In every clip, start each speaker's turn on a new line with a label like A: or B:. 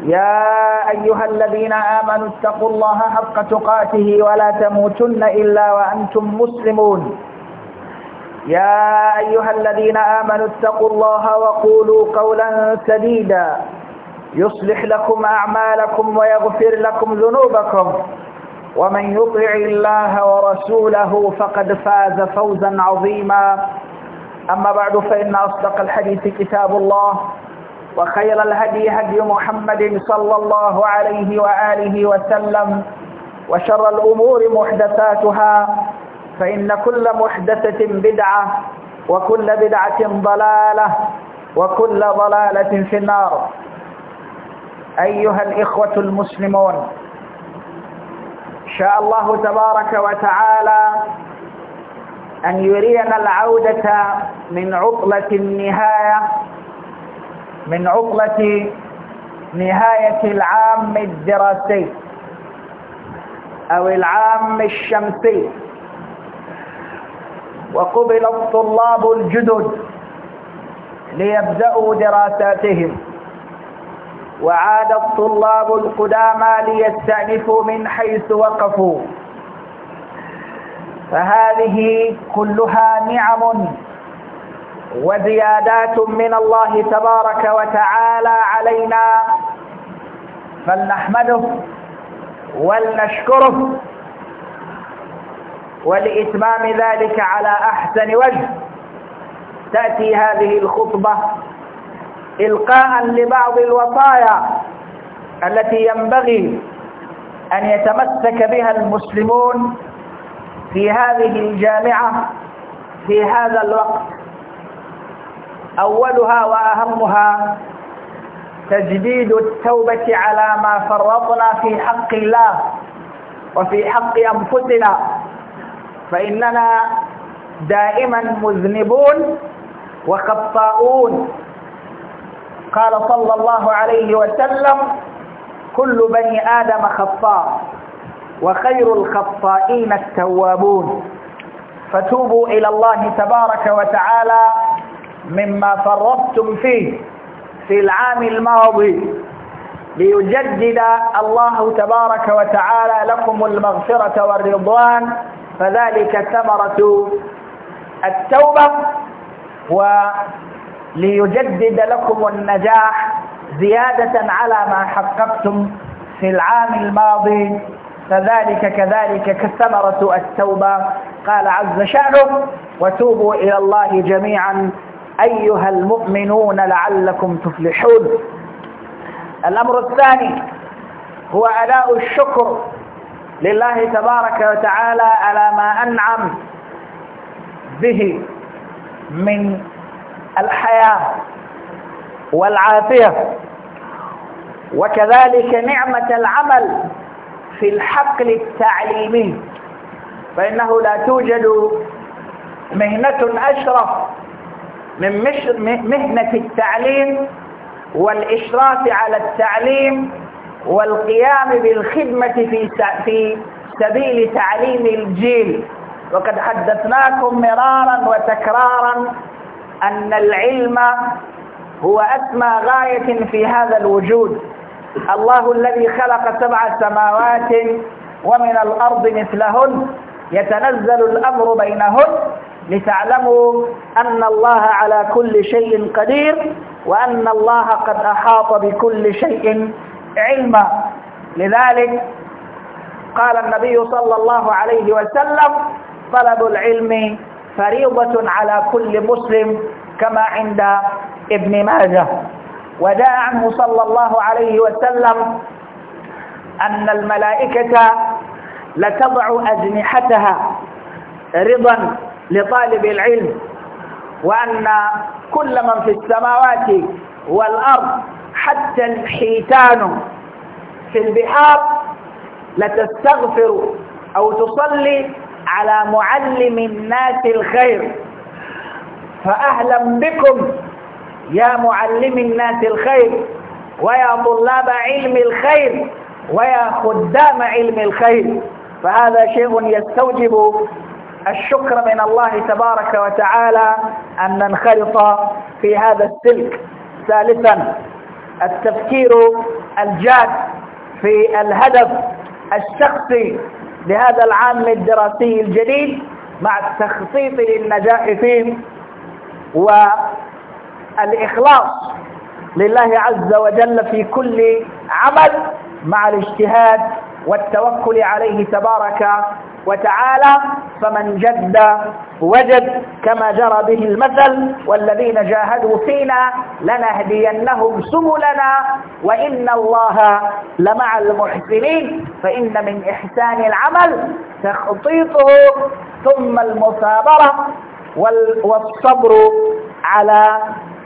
A: يا أيها الذين آمنوا اتقوا الله حق تقاته ولا تموتن إلا وأنتم مسلمون يا أيها الذين آمنوا اتقوا الله وقولوا قولا سديدا يصلح لكم أعمالكم ويغفر لكم ذنوبكم ومن يطع الله ورسوله فقد فاز فوزا عظيما أما بعد فإن أصدق الحديث كتاب الله وخير الهدي هدي محمد صلى الله عليه وآله وسلم وشر الأمور محدثاتها فإن كل محدثة بدعة وكل بدعة ضلالة وكل ضلالة في النار أيها الإخوة المسلمون شاء الله تبارك وتعالى أن يرينا العودة من عطلة النهاية من عطلة نهاية العام الدراسي أو العام الشمسي وقبل الطلاب الجدد ليبدأوا دراساتهم وعاد الطلاب القدامى ليستأنفوا من حيث وقفوا فهذه كلها نعم وزيادات من الله تبارك وتعالى علينا فلنحمده ولنشكره ولإتمام ذلك على أحسن وجه تأتي هذه الخطبة إلقاء لبعض الوصايا التي ينبغي أن يتمسك بها المسلمون في هذه الجامعة في هذا الوقت أولها وأهمها تجديد التوبة على ما فرطنا في حق الله وفي حق أنفسنا فإننا دائما مذنبون وخطاؤون قال صلى الله عليه وسلم كل بني آدم خطاء وخير الخطائين التوابون فتوبوا إلى الله تبارك وتعالى مما فرطتم فيه في العام الماضي ليجدد الله تبارك وتعالى لكم المغفرة والرضوان فذلك ثمرة التوبة وليجدد لكم النجاح زيادة على ما حققتم في العام الماضي فذلك كذلك كثمرة التوبة قال عز شأنه وتوبوا إلى الله جميعا أيها المؤمنون لعلكم تفلحون الأمر الثاني هو أداء الشكر لله تبارك وتعالى على ما أنعم به من الحياة والعافية وكذلك نعمة العمل في الحقل التعليمي فإنه لا توجد مهنة أشرف من مهنة التعليم والإشراف على التعليم والقيام بالخدمة في سبيل تعليم الجيل وقد حدثناكم مرارا وتكرارا أن العلم هو أسمى غاية في هذا الوجود الله الذي خلق سبع سماوات ومن الأرض مثلهن يتنزل الأمر بينهن لتعلموا أن الله على كل شيء قدير وأن الله قد أحاط بكل شيء علما لذلك قال النبي صلى الله عليه وسلم طلب العلم فريضة على كل مسلم كما عند ابن ماجه وجاء عنه صلى الله عليه وسلم أن الملائكة لتضع أجنحتها رضا لطالب العلم وأن كل من في السماوات والأرض حتى الحيتان في البحار لتستغفر أو تصلي على معلم الناس الخير فأهلا بكم يا معلم الناس الخير ويا طلاب علم الخير ويا خدام علم الخير فهذا شيء يستوجب الشكر من الله تبارك وتعالى أن ننخرط في هذا السلك ثالثا التفكير الجاد في الهدف الشخصي لهذا العام الدراسي الجديد مع التخطيط للنجاح فيه والإخلاص لله عز وجل في كل عمل مع الاجتهاد والتوكل عليه تبارك وتعالى فمن جد وجد كما جرى به المثل والذين جاهدوا فينا لنهدينهم سبلنا وإن الله لمع المحسنين فإن من إحسان العمل تخطيطه ثم المثابرة والصبر على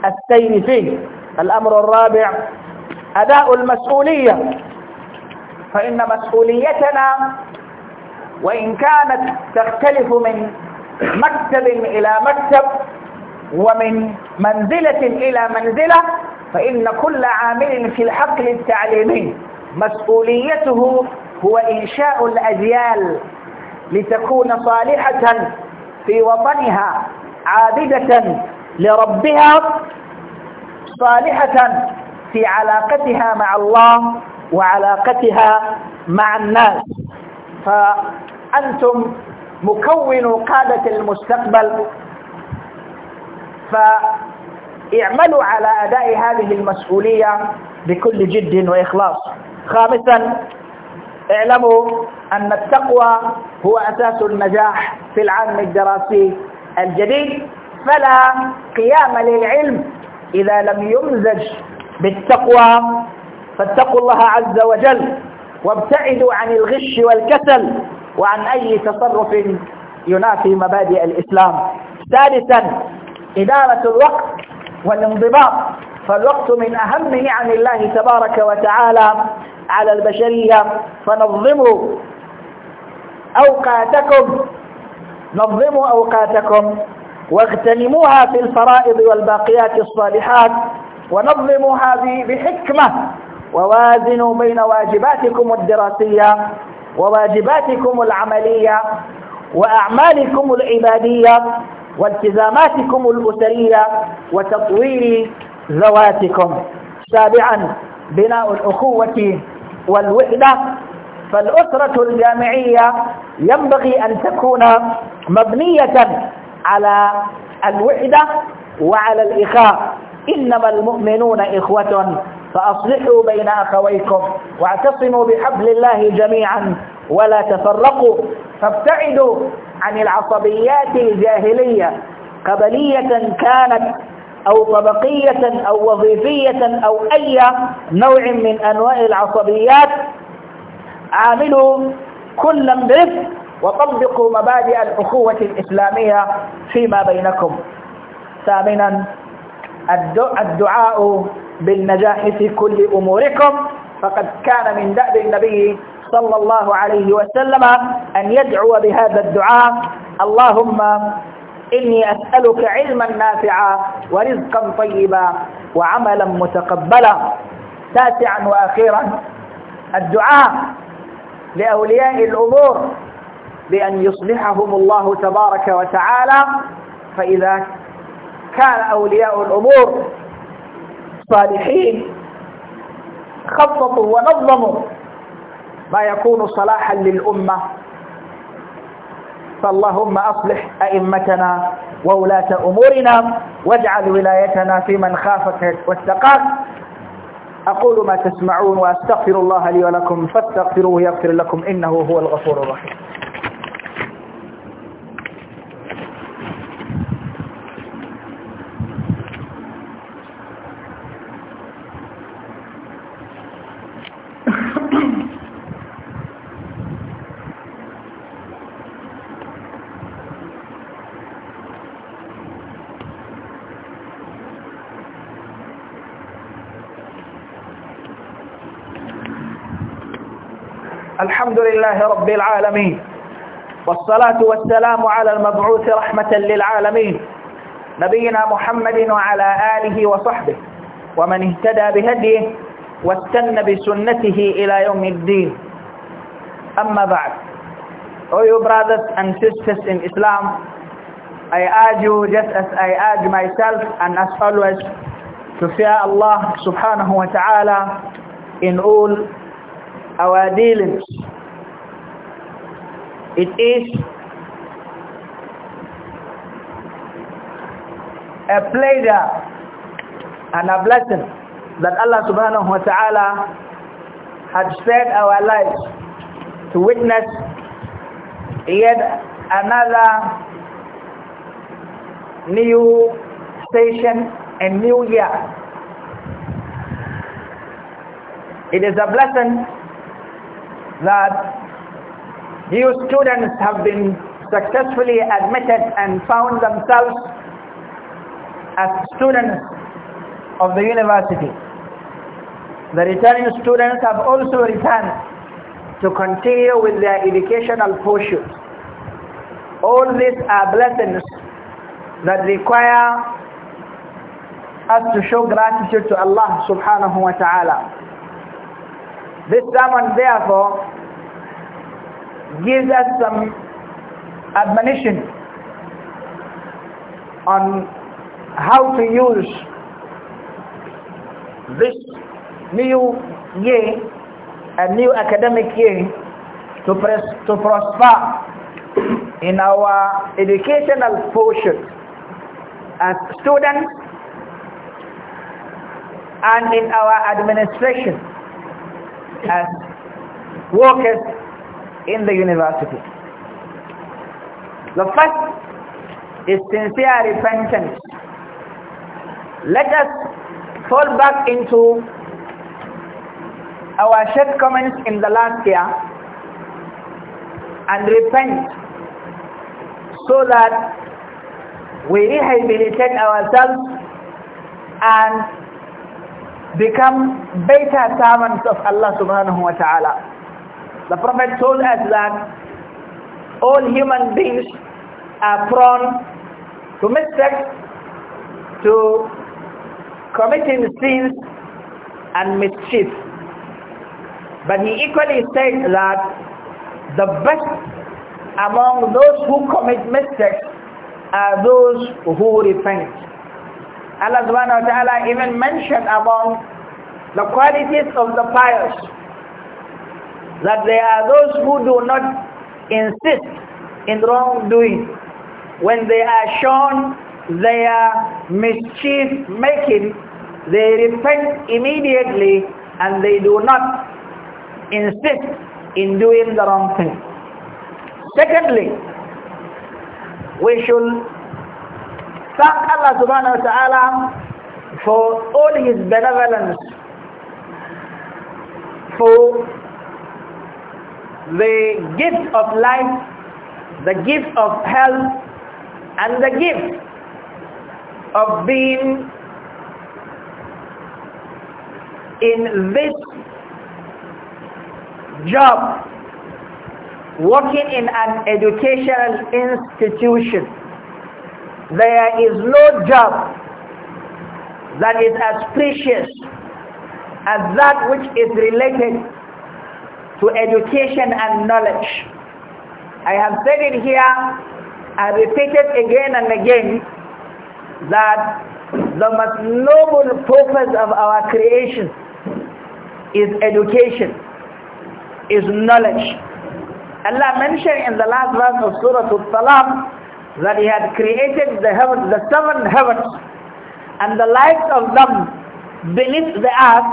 A: السير فيه الأمر الرابع أداء المسؤولية فإن مسؤوليتنا وإن كانت تختلف من مكتب إلى مكتب ومن منزلة إلى منزلة فإن كل عامل في الحقل التعليمي مسؤوليته هو إنشاء الأجيال لتكون صالحة في وطنها عابدة لربها صالحة في علاقتها مع الله وعلاقتها مع الناس فأنتم مكون قادة المستقبل فاعملوا على أداء هذه المسؤولية بكل جد وإخلاص خامسا اعلموا أن التقوى هو أساس النجاح في العام الدراسي الجديد فلا قيام للعلم إذا لم يمزج بالتقوى فاتقوا الله عز وجل وابتعدوا عن الغش والكسل وعن أي تصرف ينافي مبادئ الإسلام ثالثا إدارة الوقت والانضباط فالوقت من أهم نعم الله تبارك وتعالى على البشرية فنظموا أوقاتكم نظموا أوقاتكم واغتنموها في الفرائض والباقيات الصالحات ونظموها بحكمة ووازنوا بين واجباتكم الدراسية وواجباتكم العملية وأعمالكم العبادية والتزاماتكم الأسرية وتطوير ذواتكم سابعا بناء الأخوة والوحدة فالأسرة الجامعية ينبغي أن تكون مبنية على الوحدة وعلى الإخاء إنما المؤمنون إخوة فأصلحوا بين أخويكم واعتصموا بحبل الله جميعا ولا تفرقوا فابتعدوا عن العصبيات الجاهلية قبلية كانت أو طبقية أو وظيفية أو أي نوع من أنواع العصبيات عاملوا كلا برفق وطبقوا مبادئ الأخوة الإسلامية فيما بينكم ثامنا الدعاء بالنجاح في كل أموركم فقد كان من دأب النبي صلى الله عليه وسلم أن يدعو بهذا الدعاء اللهم إني أسألك علما نافعا ورزقا طيبا وعملا متقبلا تاسعا وأخيرا الدعاء لأولياء الأمور بأن يصلحهم الله تبارك وتعالى فإذا كان أولياء الأمور الصالحين خططوا ونظموا ما يكون صلاحا للأمة فاللهم أصلح أئمتنا وولاة أمورنا واجعل ولايتنا في من خافك واتقاك أقول ما تسمعون وأستغفر الله لي ولكم فاستغفروه يغفر لكم إنه هو الغفور الرحيم الحمد لله رب العالمين والصلاة والسلام على المبعوث رحمة للعالمين نبينا محمد وعلى آله وصحبه ومن اهتدى بهديه واستنى بسنته إلى يوم الدين أما بعد أيها you brothers and sisters in Islam I urge you just as I urge myself and as always to fear Allah subhanahu wa ta'ala in all our dealings. It is a pleasure and a blessing that Allah subhanahu wa ta'ala had spared our lives to witness yet another new station and new year. It is a blessing that few students have been successfully admitted and found themselves as students of the university. The returning students have also returned to continue with their educational pursuits. All these are blessings that require us to show gratitude to Allah subhanahu wa ta'ala this sermon therefore gives us some admonition on how to use this new year a new academic year to press, to prosper in our educational portion as students and in our administration as workers in the university. The first is sincere repentance. Let us fall back into our shortcomings in the last year and repent so that we rehabilitate ourselves and become better servants of Allah subhanahu wa ta'ala. The Prophet told us that all human beings are prone to mistakes, to committing sins and mischief. But he equally said that the best among those who commit mistakes are those who repent. Allah subhanahu wa ta'ala even mentioned among the qualities of the pious that there are those who do not insist in wrongdoing when they are shown their mischief making they repent immediately and they do not insist in doing the wrong thing secondly we should thank Allah subhanahu wa ta'ala for all his benevolence, for the gift of life, the gift of health, and the gift of being in this job, working in an educational institution there is no job that is as precious as that which is related to education and knowledge. I have said it here and repeated again and again that the most noble purpose of our creation is education, is knowledge. Allah mentioned in the last verse of Surah al talaq that he had created the the seven heavens, and the light of them beneath the earth,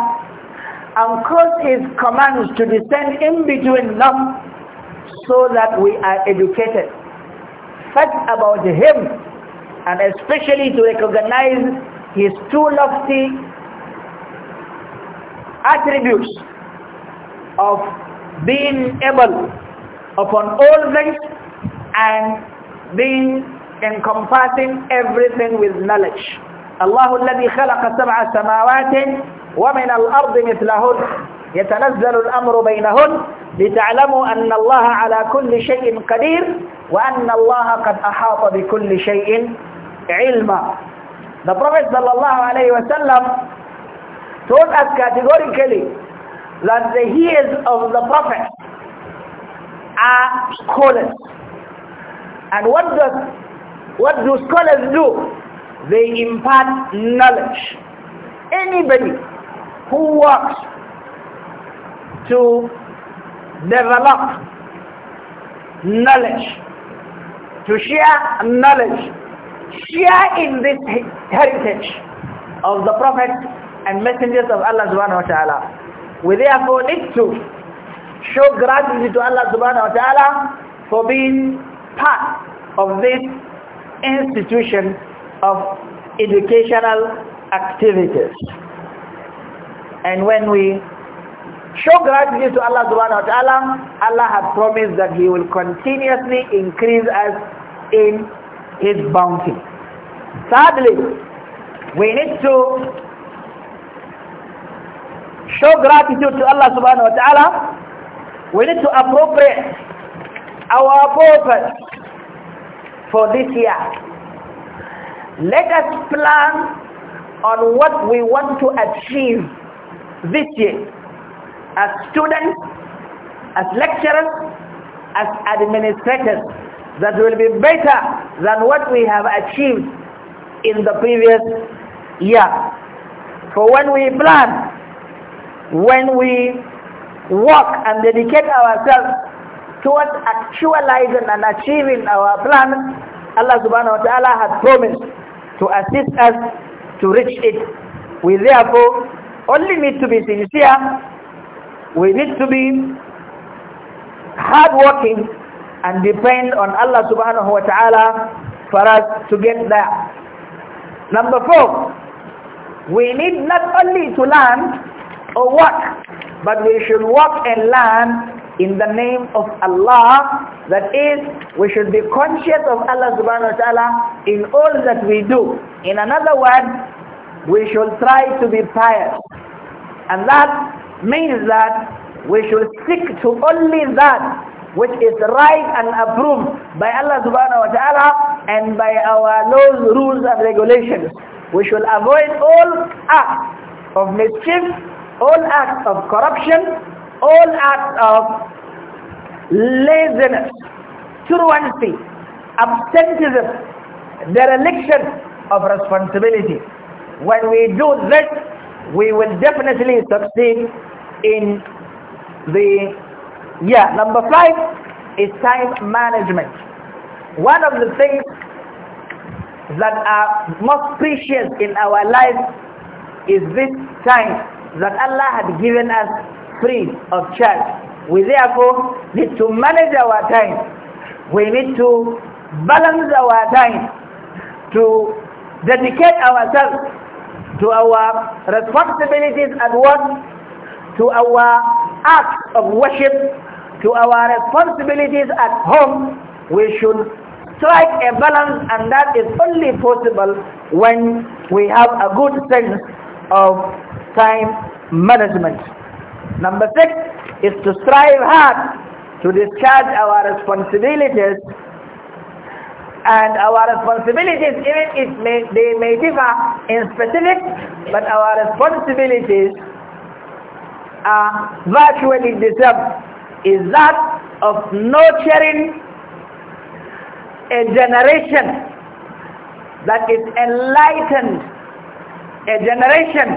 A: and caused his commands to descend in between them, so that we are educated. Facts about him, and especially to recognize his two lofty attributes of being able upon all things and being encompassing everything with knowledge الله الذي خلق سبع سماوات ومن الأرض مثلهن يتنزل الأمر بينهن لتعلموا أن الله على كل شيء قدير وأن الله قد أحاط بكل شيء علما The Prophet sallallahu told us categorically that the hears of the Prophet are scholars and what does what do scholars do? They impart knowledge. Anybody who works to develop knowledge, to share knowledge, share in this heritage of the Prophet and messengers of Allah subhanahu wa ta'ala. We therefore need to show gratitude to Allah subhanahu wa ta'ala for being part of this institution of educational activities. And when we show gratitude to Allah subhanahu wa ta'ala, Allah has promised that He will continuously increase us in His bounty. Sadly, we need to show gratitude to Allah subhanahu wa ta'ala. We need to appropriate our purpose for this year. Let us plan on what we want to achieve this year as students, as lecturers, as administrators that will be better than what we have achieved in the previous year. For when we plan, when we work and dedicate ourselves Towards actualizing and achieving our plan, Allah subhanahu wa ta'ala has promised to assist us to reach it. We therefore only need to be sincere. We need to be hardworking and depend on Allah subhanahu wa ta'ala for us to get there. Number four, we need not only to learn or work, but we should work and learn in the name of Allah. That is, we should be conscious of Allah subhanahu wa ta'ala in all that we do. In another word, we should try to be pious. And that means that we should stick to only that which is right and approved by Allah subhanahu wa ta'ala and by our laws, rules and regulations. We should avoid all acts of mischief, all acts of corruption, all acts of laziness, truancy, absenteeism, dereliction of responsibility. When we do this, we will definitely succeed in the yeah number five is time management one of the things that are most precious in our life is this time that Allah had given us free of charge. We therefore need to manage our time. We need to balance our time to dedicate ourselves to our responsibilities at work, to our acts of worship, to our responsibilities at home. We should strike a balance and that is only possible when we have a good sense of time management. Number six is to strive hard to discharge our responsibilities and our responsibilities even if may, they may differ in specific but our responsibilities are virtually the same is that of nurturing a generation that is enlightened a generation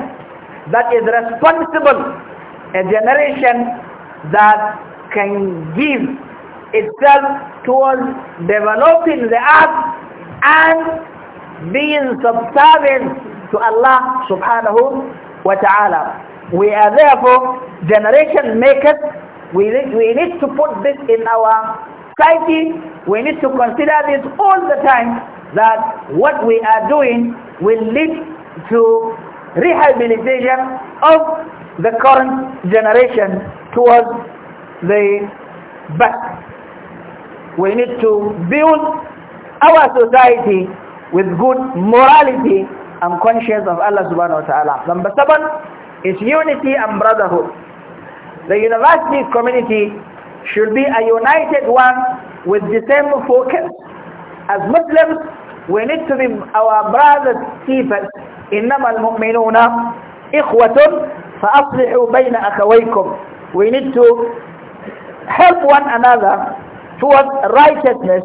A: that is responsible a generation that can give itself towards developing the earth and being subservient to Allah subhanahu wa ta'ala. We are therefore generation makers. We need, we need to put this in our psyche. We need to consider this all the time that what we are doing will lead to rehabilitation of the current generation towards the back. We need to build our society with good morality and conscience of Allah subhanahu wa ta'ala. Number seven is unity and brotherhood. The university community should be a united one with the same focus. As Muslims, we need to be our brothers keepers. إنما المؤمنون إخوة فَأَصْلِحُوا بَيْنَ أَخَوَيْكُمْ We need to help one another towards righteousness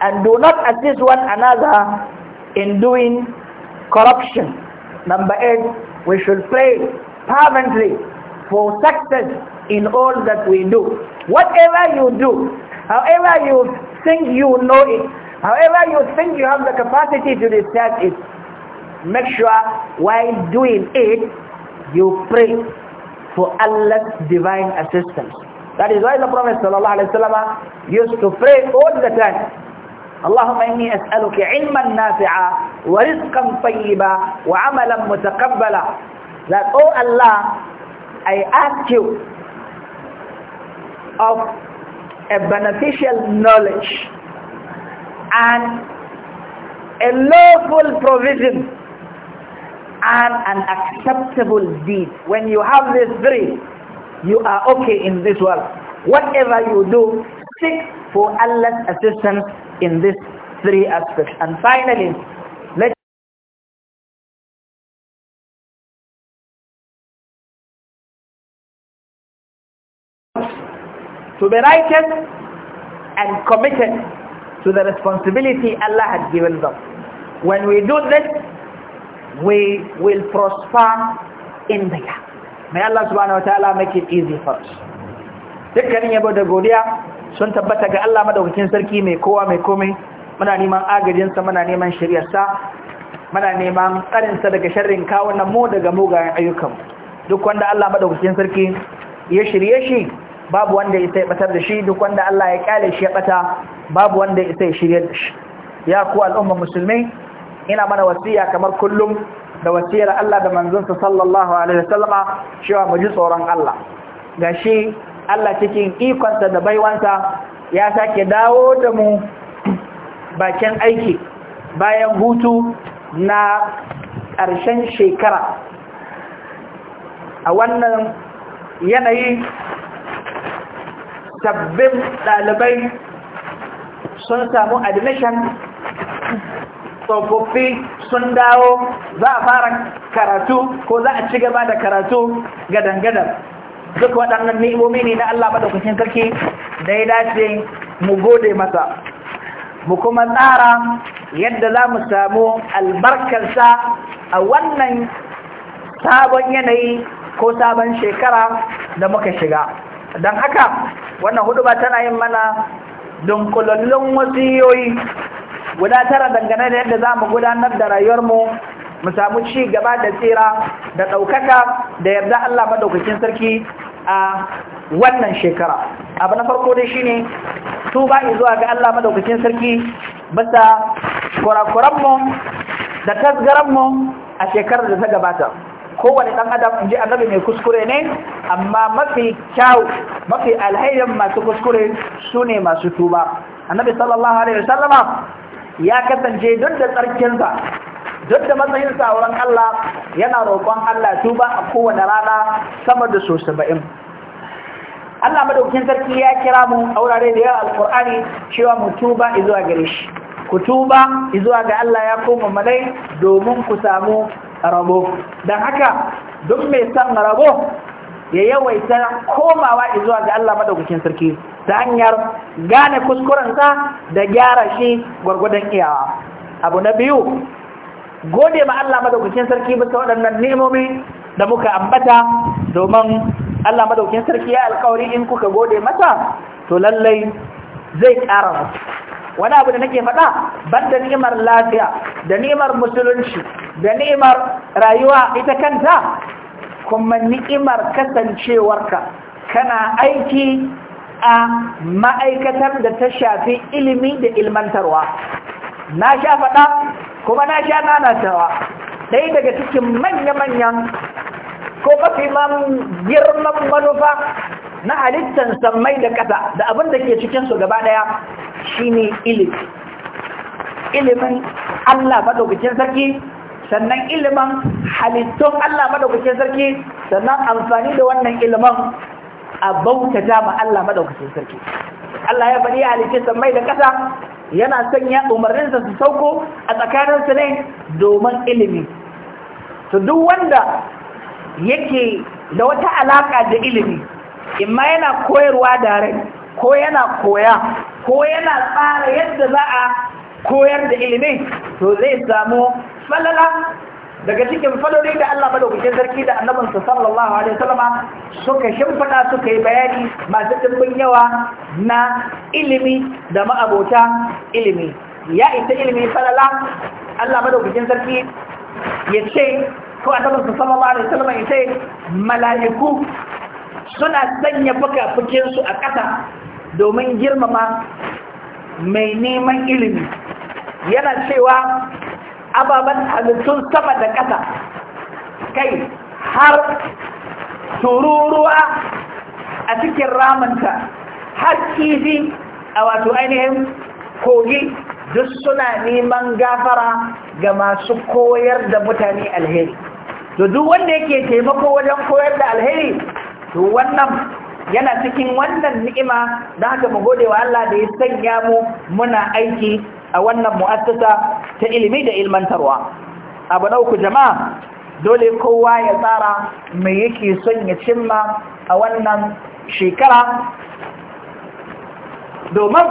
A: and do not assist one another in doing corruption. Number eight, we should pray fervently for success in all that we do. Whatever you do, however you think you know it, however you think you have the capacity to do it, make sure while doing it, you pray for Allah's divine assistance. That is why the Prophet Wasallam used to pray all the time. اللهم إني أسألك علما نافعا ورزقا طيبا وعملا متقبلا That, oh Allah, I ask you of a beneficial knowledge and a lawful provision and an acceptable deed. When you have these three, you are okay in this world. Whatever you do, seek for Allah's assistance in these three aspects. And finally, let to be righteous and committed to the responsibility Allah had given them. When we do this, we will prosper in the gap Allah subhanahu ta'ala make it easy for us dukkanin yabo da godiya sun tabbata ga Allah madaukakin sarki mai kowa mai komai muna neman agajinsa muna neman shiryarsa muna neman tsarinsa daga sharrin kawunan mu daga mugayen ayyukan duk wanda Allah madaukakin sarki ya shirye shi babu wanda ya sai batar da shi duk wanda Allah ya kyale shi ya bata babu wanda ya sai shirye da shi ya ku al'umma musulmai ina mana wasiya kamar kullum da wasiyar Allah da manzonsa sallallahu alaihi wasallama cewa mu ji tsoron Allah gashi Allah cikin ikonsa da baiwansa ya sake dawo da mu bakin aiki bayan hutu na ƙarshen shekara a wannan yanayi sabbin ɗalibai sun samu admission tsofaffi sun dawo za a fara karatu ko za a ci gaba da karatu ga duk waɗannan ni'imomi ne na Allah madaukakin sarki da ya dace mu gode masa mu kuma tsara yadda za mu samu albarkarsa a wannan sabon yanayi ko sabon shekara da muka shiga don haka wannan hudu ba tana yin mana dunkulallun wasiyoyi guda tara dangane da yadda za mu gudanar da rayuwar mu mu samu ci gaba da tsira da ɗaukaka da yarda Allah maɗaukakin sarki a wannan shekara abu na farko dai shine tuba zuwa ga Allah maɗaukakin sarki basa mu da mu a shekarar da ta gabata kowane ɗan adam in ji annabi mai kuskure ne amma mafi kyau mafi alhairin masu kuskure sune masu tuba annabi sallallahu alaihi wasallama ya kasance don da tsarkinsa duk da matsayinsa a Allah yana roƙon Allah tuba a kowane rana sama da so saba'in Allah madaukakin sarki ya kira mu a wurare da yawa Alƙur'ani cewa mu tuba izuwa gare shi ku tuba izuwa ga Allah ya koma malai domin ku samu rabo don haka duk mai san rabo ya yawaita komawa zuwa ga Allah madaukakin sarki ta hanyar gane kuskurensa da gyara shi gwargwadon iyawa abu na biyu gode ma Allah madaukakin sarki bisa waɗannan nemomi da muka ambata domin Allah madaukakin sarki ya alkawari in kuka gode mata, to lallai zai ƙara wani abu da nake faɗa ban da ni'imar lafiya da ni'imar musulunci da ni'imar rayuwa ita kanta kuma ni'imar kasancewarka kana aiki a ma'aikatar da ta shafi ilimi da ilmantarwa na sha faɗa kuma na sha nanatawa ɗaya daga cikin manya-manyan ko mafi girman manufa na halittar sammai da ƙasa da abin da ke cikinsu gaba ɗaya shi ne ilimi ilimin allah maɗaukacin sarki sannan ilimin halittun Allah madaukakin sarki sannan amfani da wannan ilimin a bautata ma Allah madaukakin sarki Allah ya bari halitta sammai da ƙasa yana sanya umarninsa su sauko a tsakaninsu ne domin ilimi to duk wanda yake da wata alaƙa da ilimi imma yana koyarwa da rai ko yana koya ko yana tsara yadda za a koyar da ilimi to zai samu falala daga cikin falolai da Allah madaukakin sarki da annabinsa sallallahu alaihi wasallama suka shimfada suka yi bayani masu dimbin yawa na ilimi da ma'abota ilimi ya isa ilimi falala Allah madaukakin sarki ya ce ko annabinsa sallallahu alaihi wasallama ya ce mala'iku suna sanya fukafukin su a ƙasa domin girmama mai neman ilimi yana cewa ababen halittun sama da ƙasa kai har tururuwa a cikin ramanta har kifi a wato ainihin kogi duk suna neman gafara ga masu koyar da mutane alheri to duk wanda yake taimako wajen koyar da alheri to wannan yana cikin wannan ni'ima da haka mu gode wa Allah da ya sanya mu muna aiki a wannan mu'assasa ta ilimi da ilmantarwa abu na uku jama'a dole kowa ya tsara mai yake son ya cimma a wannan shekara domin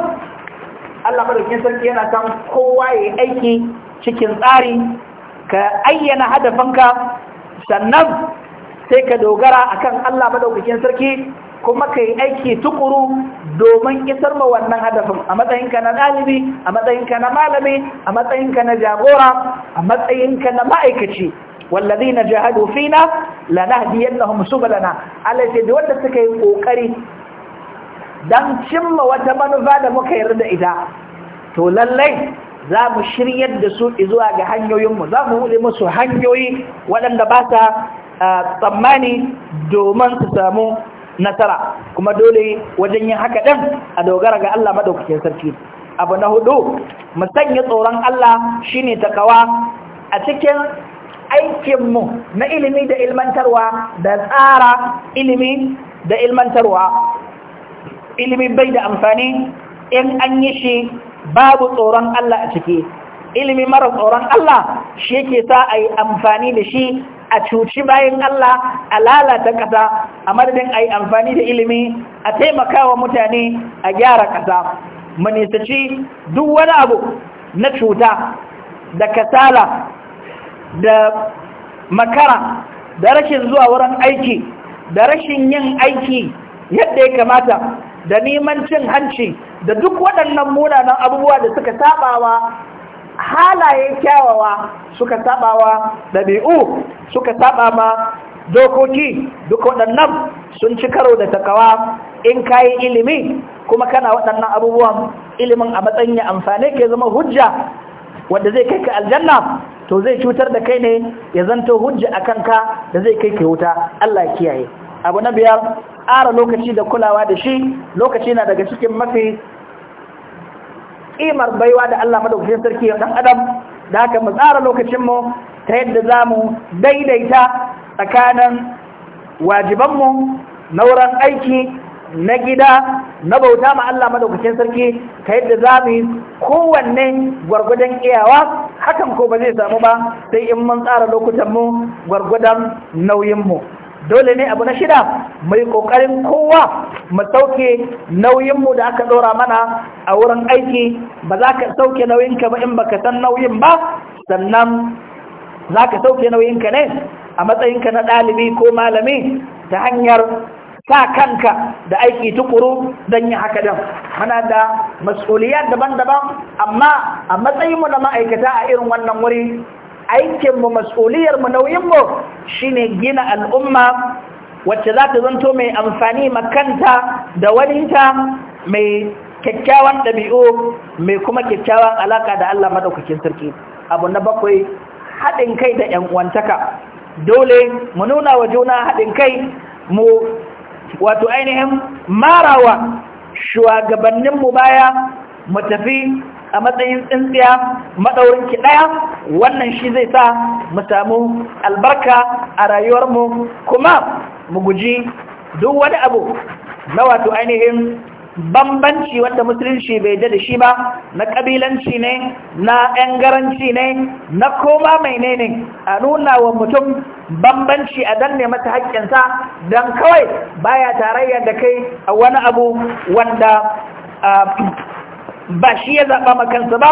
A: Allah madaukin sarki yana kan kowa ya aiki cikin tsari ka ayyana hadafinka sannan sai ka dogara akan Allah madaukakin sarki kuma ka yi aiki tukuru domin isar ma wannan hadafin a matsayinka na ɗalibi a matsayinka na malami a matsayinka na jagora a matsayinka na ma'aikaci wallazi na jihadu fina lanahdiyannahum subulana Allah ya ce da wanda suka yi kokari dan cimma wata manufa da muka yarda da ita to lallai za mu shiryar da su zuwa ga hanyoyinmu za mu buɗe musu hanyoyi waɗanda ba sa ah, tsammani domin su samu nasara kuma dole wajen yin haka ɗin a dogara ga Allah maɗaukacin sarki abu na hudu mu sanya tsoron Allah shi shine takawa a cikin aikinmu na ilimi da ilmantarwa da tsara ilimi da ilmantarwa ilimi bai da amfani in an yi shi babu tsoron Allah a ciki ilimi mara tsoron Allah shi yake sa a yi amfani da shi a cuci bayan Allah a lalata ƙasa a madadin a yi amfani da ilimi a taimaka wa mutane a gyara ƙasa manisaci duk wani abu na cuta da kasala da makara da rashin zuwa wurin aiki da rashin yin aiki yadda ya kamata da neman cin hanci da duk waɗannan munanan abubuwa da suka saɓawa halaye kyawawa suka sabawa dabi'u suka taba ma dokoki duk waɗannan sun ci karo da takawa in kayi ilimi kuma kana waɗannan abubuwan ilimin a matsayin ya amfane ke zama hujja wanda zai kai ka aljanna to zai cutar da kai ne ya zanto hujja a ka da zai kai ka wuta Allah kiyaye abu na biyar ƙara lokaci da kulawa da shi lokaci na daga cikin mafi kimar baiwa da Allah madaukakin sarki ya dan adam da haka mu tsara lokacin mu ta yadda zamu daidaita tsakanin wajiban mu na wurin aiki na gida na bauta ma Allah madaukakin sarki ta yadda za mu kowanne gwargwadon iyawa hakan ko ba zai samu ba sai in mun tsara lokutan mu gwargwadon nauyin mu dole ne abu na shida mai kokarin kowa mu sauke nauyinmu da aka dora mana a wurin aiki ba za ka sauke nauyinka ba in baka san nauyin ba sannan za ka sauke nauyinka ne a matsayinka na ɗalibi ko malami ta hanyar sa kanka da aiki tukuru don yi haka don muna da masuliyar daban-daban amma a matsayinmu na ma'aikata a irin wannan wuri aikinmu mas'uliyarmu nauyinmu shine gina al'umma wacce za ta zanto mai amfani makanta da waninta mai kyakkyawan ɗabi'u mai kuma kyakkyawan alaƙa da Allah maɗaukakin sarki abu na bakwai haɗin kai da ‘yan'uwantaka dole mu nuna wa juna haɗin kai mu wato ainihin marawa shugabanninmu baya mu tafi a matsayin tsintsiya maɗaurinki ɗaya wannan shi zai sa mu samu albarka a rayuwarmu kuma mu guji duk wani abu na wato ainihin bambanci wanda musulunci bai da shi ba na kabilanci ne na yan garanci ne na koma mai ne ne a nuna wa mutum bambanci a danne mata haƙƙinsa don kawai baya tarayya da kai a wani abu wanda ba shi ya zaɓa makansa ba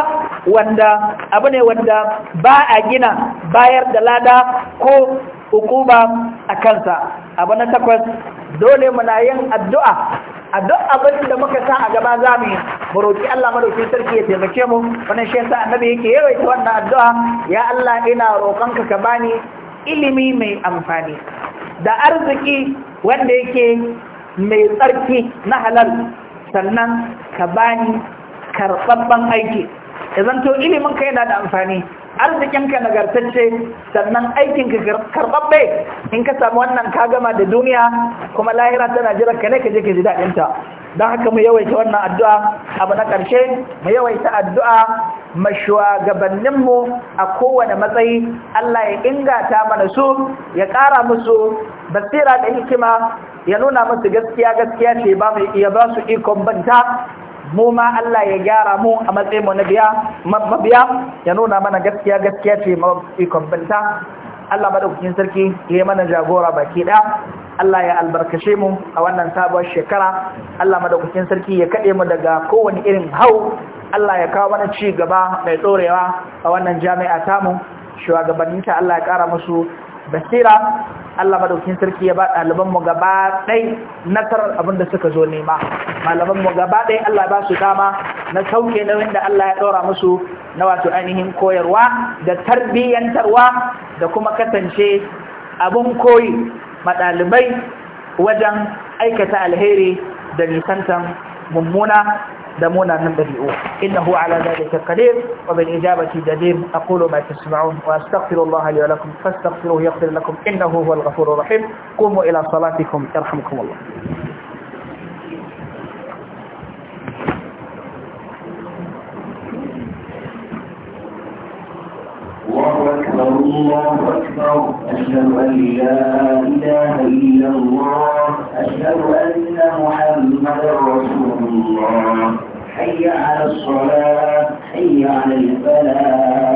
A: wanda abu ne wanda ba a gina bayar da lada ko hukuma a kansa abu na takwas dole muna yin addu'a a duk abin da muka sa a gaba za mu mu roƙi Allah madaukin sarki ya taimake mu wannan shi yasa annabi yake yawaita wannan addu'a ya Allah ina roƙonka ka bani ilimi mai amfani da arziki wanda yake mai tsarki na halal sannan ka bani karsabban aiki idan to ilimin iliminka yana da amfani arzikinka nagartacce sannan aikinka karɓaɓɓe in ka samu wannan ka gama da duniya kuma lahira tana jira ka ne ka je ka ji ta don haka mu yawaita wannan addu'a abu na ƙarshe mu yawaita addu'a ma mu a kowane matsayi Allah ya ingata mana su ya ƙara musu basira da hikima ya nuna musu gaskiya gaskiya ce ba mu iya ba su ikon banta mu ma Allah ya gyara mu a matsayin mu na biya mabiya ya nuna mana gaskiya gaskiya ce ikon binta Allah madaukakin sarki ya yi mana jagora baki ɗaya Allah ya albarkace mu a wannan sabuwar shekara Allah madaukakin sarki ya kaɗe mu daga kowane irin hau Allah ya kawo mana ci gaba mai tsorewa a wannan jami'a tamu ta Allah ya ƙara musu basira Allah madaukin sarki ya ba ɗaliban mu gaba ɗai nasarar abin da suka zo nema malaman mu gaba ɗai Allah ba su dama na sauke nauyin da Allah ya ɗora musu na wato ainihin koyarwa da tarbiyyantarwa da kuma kasance abun koyi ma ɗalibai wajen aikata alheri da nisantan mummuna دمونا من بديئوه إنه على ذلك قدير وبالإجابة جديد أقول ما تسمعون وأستغفر الله لي ولكم فاستغفروه يغفر لكم إنه هو الغفور الرحيم قوموا إلى صلاتكم يرحمكم الله الله أكبر أشهد أن لا إله إلا الله أشهد أن محمدا رسول الله حي على الصلاة حي على الفلاح